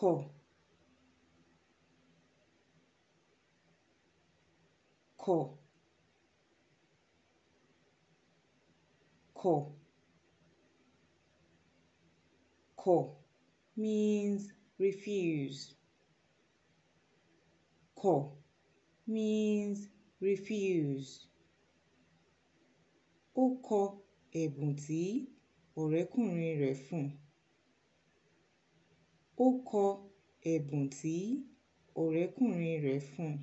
họ̀ kọ̀ kọ̀ kọ̀ means refuse kọ̀ means refuse ó kọ ẹ̀bùn tí ọ̀rẹ́kùnrin rẹ̀ fún un ó kọ ẹ̀bùn tí ọ̀rẹ́kùnrin rẹ̀ fún un